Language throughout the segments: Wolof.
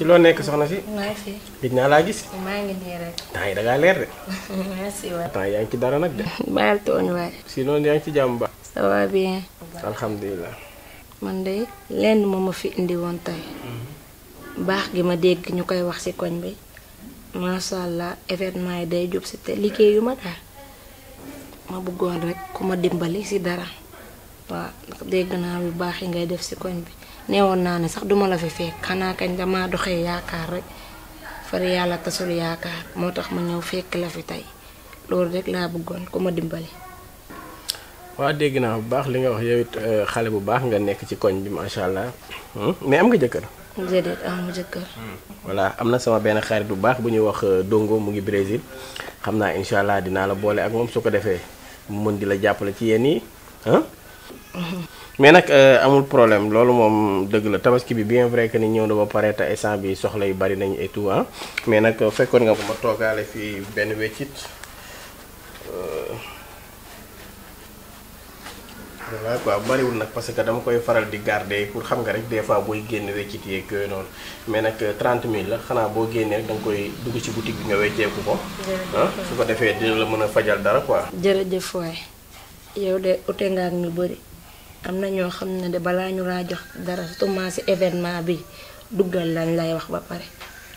ci lo nek soxna si. maa fi. gëj la gis. ma ngi ni rek. tay da nga leer de. merci wa tay yaa ngi ci dara nak de. baal tooñ waay. sinon yaa ngi ci jamba ça va bien. alhamdullilah man de lenn moma fi indi won tay mhm. bax gi ma deg ñu koy wax ci koñ bi sha allah événement day jub ci te liggéey yu ma daal ma bëggoon rek kuma dimbali si dara wa deg na yu baax yi ngay def si koñ bi. neewoon naa ne sax duma la fi fekk xanaa kañ damaa doxee yaakaar rek far yàlla tasul yaakaar moo tax ma ñëw fekk la fi tey loolu rek laa bëggoon ku ma dimbali. waa dégg naa bu baax li nga wax yow it euh, xale bu baax nga nekk ci koñ bi macha allah hmm? mais am nga jëkkër. déedéet amu jëkkër. Hmm. voilà am na sama benn xarit bu baax bu ñuy wax euh, Dongo mu ngi Brésil xam naa incha allah dinaa la boole ak moom su ko defee mu mën di la jàppale ci yéen yi mais nag euh, amul problème loolu mom deug la tabaski bi bien vrai que ni ñëw na ba paré ta instant bi soxla yu bari nañ et tout hein mais nak euh, fekkoon nga ma toogaale fii benn weccit euh, voilà quoi wul nak parce que dama koy faral di garder pour xam nga rek des fois boy génn wéccit yé que non mais nak 30000 000 la xanaa boo génnee rek dang koy dugg ci boutique bi nga wéccé ko. ko hein su ko défé dina la mëna a fajal dara quoi. jërëjëf way yow de ute nga ak ñu bëri am na ñoo xam ne de balaa ñu laa jox dara surtout si événement bi duggal lañ lay wax ba pare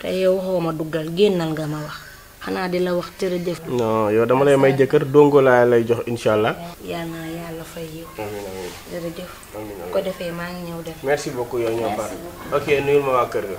te yow waxoo ma duggal génnal nga ma wax xanaa di la wax jërëjëf. non yow dama lay may jëkkër dongo laa lay jox incha allah. yal na yàlla fay yow. ko defee maa ngi ñëw def. merci beaucoup yow ñoo baax ok nuyul ma waa kër ga.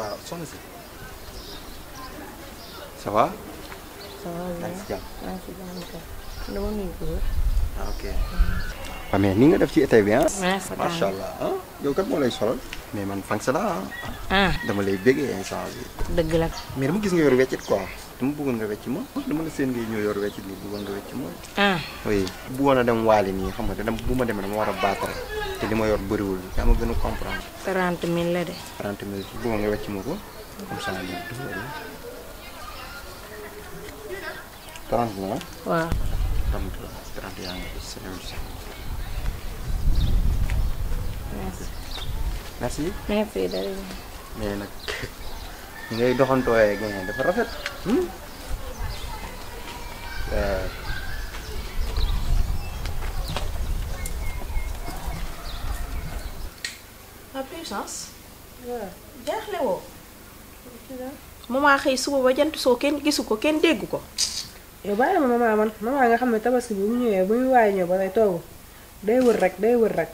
va sans musique. Ça va Ça va, bien. ok. waaw mais ni nga def ci été bi ah. macha allah ah yow kat moo lay solal. mais man fang sa laa ah. dama lay bégee instant bi. la. mais dama gis nga yor quoi dama bëggoon nga wecc ma dama la seen ngay ñëw yor wecc nii nga ma ah oui buang ada dem waali nii xam nga te dama bu ma demee dama war a baatare te li ma yor bëriwul yaa ma gën a comprendre trente mille la de trente mille bëggoon nga wecc ma ko comme ça lii dugal trente la waaw trente la trente merci merci mais ngay ngay ay gañe dafa rafet hmm la puissance jaaxle wo mama xey suba ba jant so kenn gisuko ko kenn dégg ko yow baye mama man mama nga xam tabaski bu mu ñëwee bu ñu way ñëw ba lay toogu day wër rek day wër rek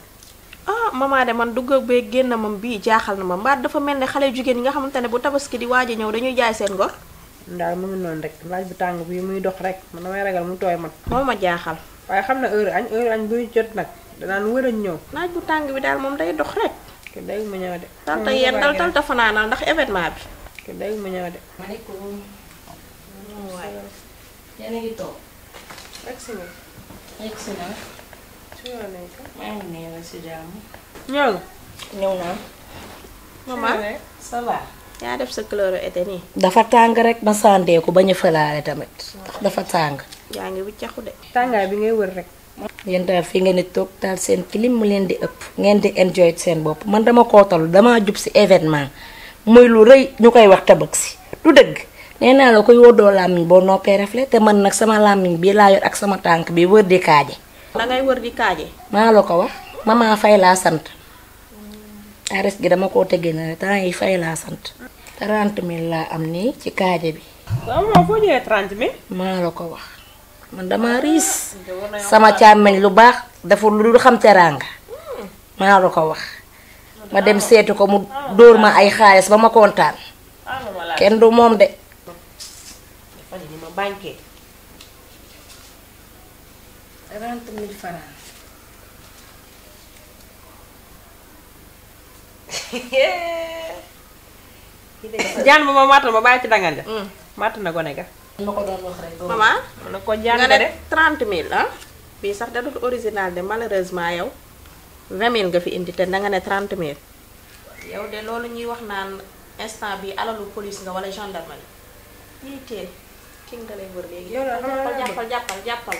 mama de man dugg be bay génn mam bii jaaxal na mom ba dafa melni xalé jigen yi nga xamantene bu tabaski di waji ñew dañuy jaay seen gor ndal mom non rek laaj bu tang bi muy dox rek man damay ragal mu toy man moma ma jaaxal waaye xam heure añ heure añ buy jot nak da nan wëra ñew laaj bu tang bi dal mom day dox rek ke day mu ñew de talta yeen dal tal dafa fanaanal ndax événement bi ke day mu ñew de maaleykum oh, yéen a ngi toog egsi na egsi na maa ngi nii la si jàmm. mama ça ya yaa def sa couleur été nii. dafa tàng rek ma sàndee ko bañ a fëlaale tamit. ndax dafa tàng. yaa ngi wuccaxu de. tàngaay bi ngay e wër rek. yéen daal fii ngeen di toog daal seen clim mu leen di ëpp. ngeen di enjoy seen bopp man dama kootalu dama jub si événement muy lu rëy ñu koy wax tabax si du dëgg. nee naa la koy wóodoo làmmiñ boo noppee reflet te man nag sama làmmiñ bi laa yor ak sama tànk bi wër di kaaje da ngay di kaaje. maa la ko wax maman fay laa sant. ares gi dama ko tege na temps yi fay laa sant. trente mille laa am nii ci kaaja bi. waaw moom maa la ko wax man dama riis. sama càmmeñ lu baax dafa lu xam teraanga. maa la ko wax. ma dem seeti ko mu dóor ma ay xaalis ba ma kontaan. Ah, kenn du moom de. trente mille francs. jaan ba ma màttal ma bàyyi ci dangal ja. màtt mm. na gone ga. ma ko doon wax rek. maman na ko jaan nga mille ah. bii sax da dul original de malheureusement yow vingt mille nga fi indi te na nga ne trente mille. yow de loolu ñuy wax naan instant bi alalu police nga wala gendarmerie. ñuy teel ki nga lay wër léegi. yow la jàppal jàppal jàppal.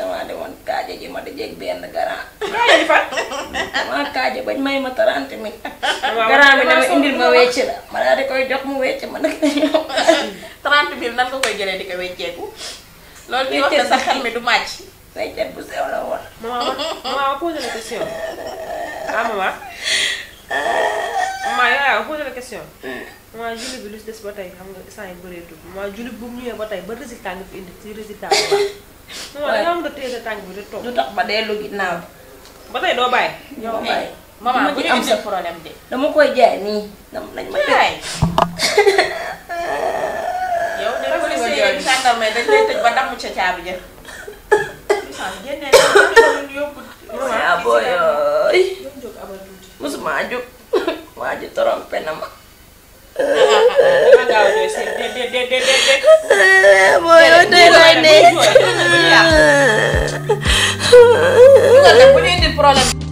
sama dewan kaja je mada jeg ben gara kaje fa ma kaje bañ may ma tarante mi gara mi dama indil ma wéccé la ma daal di koy jox mu wéccé ma nak tarante bi nan ko koy jëlé di ko wéccéku lool ki wax sa xel mi du macc say cet bu sew la won mama mama posé la question ah mama ma ya posé la question Mama julli bi lu dess batay xam nga sa ay bëreetu moi julli bu ñëwé batay ba résultat nga fi indi ci résultat waaye non nga téye sa tànk bi di toog. du tax ba dellu ginnaaw. ba tey doo bàyyi. doo eh, bàyyi maman bu ñu am sa problème de. dama koy jaay nii. dama nañ ma jaay. yow de bu ñu seeyee gendarme dañ lay tëj ba damm ca caabi ja. waaw ah, booy yooy. musuma jóg waa ji trompé na ma. booy yooy tey lay ne. Enggak, tempunya ini perolehan